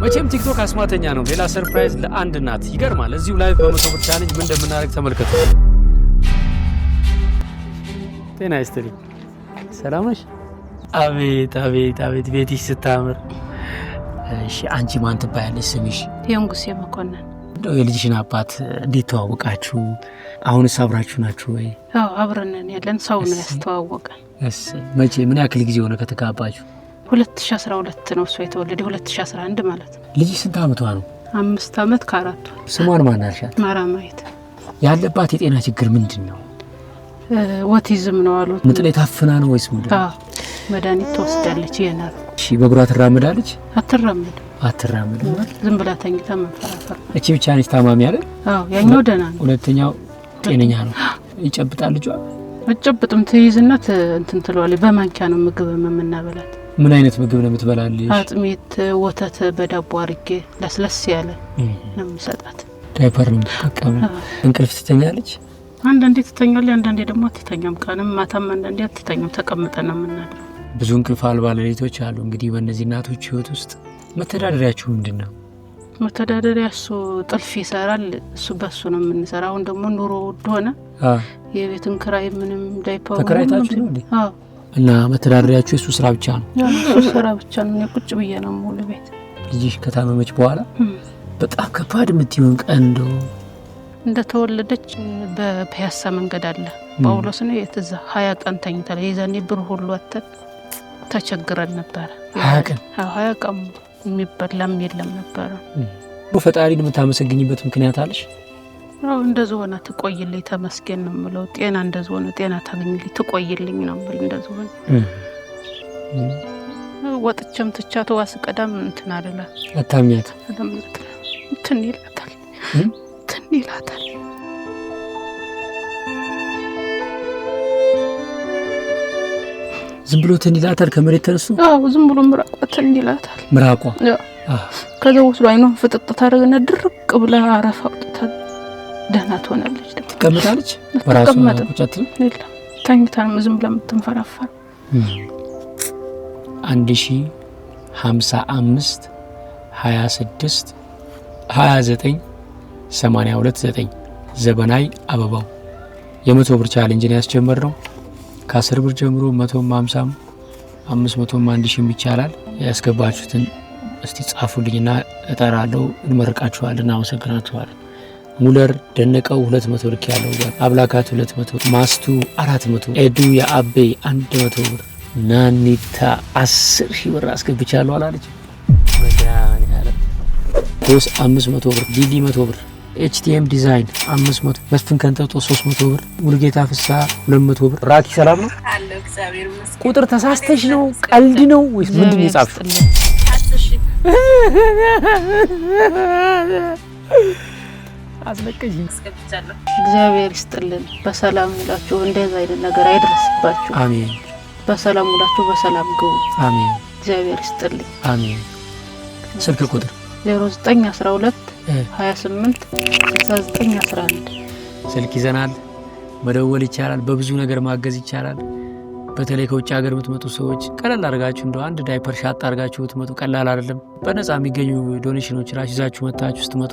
መቼም ቲክቶክ አስማተኛ ነው። ሌላ ሰርፕራይዝ ለአንድ እናት ይገርማል። እዚሁ ላይ በመቶ ብር ቻሌንጅ ምን እንደምናደርግ ተመልከቱ። ጤና ይስጥልኝ። ሰላምሽ። አቤት አቤት አቤት፣ ቤትሽ ስታምር። እሺ አንቺ ማን ትባያለሽ? ስምሽ? የንጉሴ መኮንን። የልጅሽን አባት እንዴት ተዋወቃችሁ? አሁንስ አብራችሁ ናችሁ ወይ? አብረን ያለን ሰው ነው ያስተዋወቀን። መቼ ምን ያክል ጊዜ ሆነ ከተጋባችሁ? 2012 ነው እሷ የተወለደ 2011 ማለት ነው። ልጅ ስንት አመቷ ነው? አምስት አመት ከአራት ስሟን ማን አልሻት? ማራማየት። ያለባት የጤና ችግር ምንድን ነው? ኦቲዝም ነው አሉት። ምጥ ላይ ታፍና ነው ወይስ ምንድን ነው? መድኃኒት ትወስዳለች። ይናል። እሺ በእግሯ ትራመዳለች? አትራመድ አትራመድም። ዝም ብላ ተኝታ መንፈራፈር። እቺ ብቻ ነች ታማሚ አይደል? አዎ፣ ያኛው ደህና ነው። ሁለተኛው ጤነኛ ነው። ይጨብጣል ልጇ? አጨብጥም። ትይዝና እንትን ትለዋለች። በማንኪያ ነው ምግብ የምናበላት ምን አይነት ምግብ ነው የምትበላልሽ? አጥሜት፣ ወተት በዳቦ አድርጌ ለስለስ ያለ ነው የምሰጣት። ዳይፐር ነው የምትጠቀሙ? እንቅልፍ ትተኛለች? አንዳንዴ ትተኛለች፣ አንዳንዴ ደግሞ አትተኛም። ቀንም ማታም አንዳንዴ አትተኛም። ተቀምጠን ነው የምናድረው። ብዙ እንቅልፍ አልባ ሌሊቶች አሉ። እንግዲህ በእነዚህ እናቶች ህይወት ውስጥ መተዳደሪያችሁ ምንድን ነው? መተዳደሪያ እሱ ጥልፍ ይሰራል። እሱ በሱ ነው የምንሰራ። አሁን ደግሞ ኑሮ ውድ ሆነ። የቤትን ክራይ ምንም ዳይፐር ተከራይታችሁ ነው እና መተዳደሪያችሁ የእሱ ስራ ብቻ ነው? እሱ ስራ ብቻ ነው። ቁጭ ብዬ ነው ሙሉ ቤት ልጅሽ ከታመመች በኋላ በጣም ከባድ የምትሆን ቀን እንደው እንደተወለደች በፒያሳ መንገድ አለ ጳውሎስ ነው የትዛ ሀያ ቀን ተኝተለ የዛኔ ብር ሁሉ አተን ተቸግረን ነበረ። ሀያ ቀን ሀያ ቀን የሚበላም የለም ነበረ። ፈጣሪን የምታመሰግኝበት ምክንያት አለሽ? ያው እንደዚህ ሆነ ትቆይልኝ፣ ተመስገን ነው የምለው። ጤና እንደዚህ ሆነ ጤና ታገኝልኝ፣ ትቆይልኝ ነው የምል። እንደዚህ ሆነ ወጥቼም ትቻት ዋስ ቀዳም እንትን አደላ አታሚያት እንትን ይላታል እንትን ይላታል። ዝም ብሎ ትን ይላታል። ከመሬት ተነሱ። አዎ ዝም ብሎ ምራቋ ትን ይላታል። ምራቋ ከዛ ወስዶ አይኗን ፍጥጥ ታደረገና ድርቅ ብላ አረፋ ደህና ትሆናለች። ትቀምጣለች። አትቀመጥም። የለም ዝም ብላ የምትንፈራፈር። አንድ ሺ ሀምሳ አምስት ሀያ ስድስት ሀያ ዘጠኝ ሰማኒያ ሁለት ዘጠኝ ዘበናይ አበባው የመቶ ብር ቻሌንጅን ያስጀመር ነው። ከአስር ብር ጀምሮ መቶም ሀምሳም አምስት መቶም አንድ ሺም ይቻላል። ያስገባችሁትን እስቲ ጻፉልኝና እጠራለሁ። እንመርቃችኋለን። አመሰግናችኋለን። ሙለር ደነቀው 200 ብር ያለው ጋር አብላካት 200 ማስቱ 400 ኤዱ የአቤ 100 ብር ናኒታ 10 ሺህ ብር አስገብቻለሁ አላለች። ኮስ 500 ብር ዲዲ 100 ብር ኤችቲኤም ዲዛይን 500 መስፍን ከንጠጦ 300 ብር ሙልጌታ ፍሳ 200 ብር ራኪ ሰላም ነው ቁጥር ተሳስተሽ ነው ቀልድ ነው ወይስ ምንድን ነው የጻፍሽው አስለቀኝ አስገብቻለሁ። እግዚአብሔር ይስጥልን። በሰላም ውላችሁ እንደዛ አይነት ነገር አይደርስባችሁ። አሜን። በሰላም ውላችሁ በሰላም ግቡ። አሜን። እግዚአብሔር ይስጥልኝ። አሜን። ስልክ ቁጥር 0912 28 6911 ስልክ ይዘናል። መደወል ይቻላል። በብዙ ነገር ማገዝ ይቻላል። በተለይ ከውጭ ሀገር የምትመጡ ሰዎች ቀለል አድርጋችሁ እንደ አንድ ዳይፐር ሻጥ አድርጋችሁ ብትመጡ ቀላል አይደለም። በነፃ የሚገኙ ዶኔሽኖች ራሽ ይዛችሁ መታችሁ ስትመጡ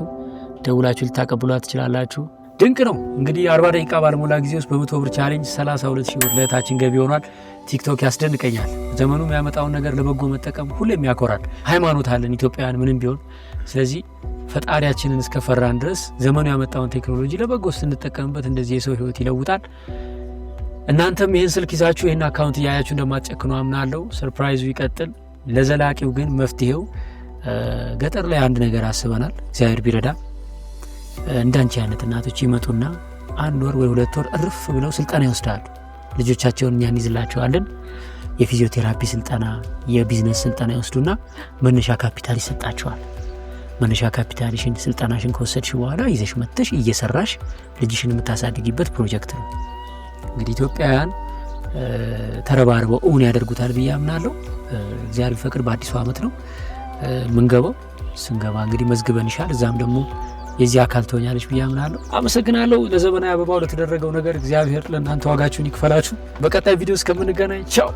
ደውላችሁ ልታቀብሏት ትችላላችሁ። ድንቅ ነው። እንግዲህ 40 ደቂቃ ባልሞላ ጊዜ ውስጥ በመቶ ብር ቻሌንጅ 32 ሺህ ብር ለእህታችን ገቢ ሆኗል። ቲክቶክ ያስደንቀኛል። ዘመኑ የሚያመጣውን ነገር ለበጎ መጠቀም ሁሌም ያኮራል። ሃይማኖት አለን ኢትዮጵያውያን ምንም ቢሆን። ስለዚህ ፈጣሪያችንን እስከፈራን ድረስ ዘመኑ ያመጣውን ቴክኖሎጂ ለበጎ ስንጠቀምበት እንደዚህ የሰው ህይወት ይለውጣል። እናንተም ይህን ስልክ ይዛችሁ ይህን አካውንት እያያችሁ እንደማትጨክኑ አምናለሁ። ሰርፕራይዙ ይቀጥል። ለዘላቂው ግን መፍትሄው ገጠር ላይ አንድ ነገር አስበናል። እግዚአብሔር ቢረዳ እንዳንቺ አይነት እናቶች ይመጡና አንድ ወር ወይ ሁለት ወር እርፍ ብለው ስልጠና ይወስዳሉ። ልጆቻቸውን እኛ እንይዝላቸዋለን። የፊዚዮቴራፒ ስልጠና፣ የቢዝነስ ስልጠና ይወስዱና መነሻ ካፒታል ይሰጣቸዋል። መነሻ ካፒታልሽን ስልጠናሽን ከወሰድሽ በኋላ ይዘሽ መጥተሽ እየሰራሽ ልጅሽን የምታሳድጊበት ፕሮጀክት ነው። እንግዲህ ኢትዮጵያውያን ተረባርበው እውን ያደርጉታል ብዬ አምናለሁ። እግዚአብሔር ፈቅድ በአዲሱ ዓመት ነው ምንገባው። ስንገባ እንግዲህ መዝግበንሻል። እዛም ደግሞ የዚህ አካል ትሆኛለች ብዬ አምናለሁ። አመሰግናለሁ። ለዘመናዊ አበባው ለተደረገው ነገር እግዚአብሔር ለእናንተ ዋጋችሁን ይክፈላችሁ። በቀጣይ ቪዲዮ እስከምንገናኝ ቻው።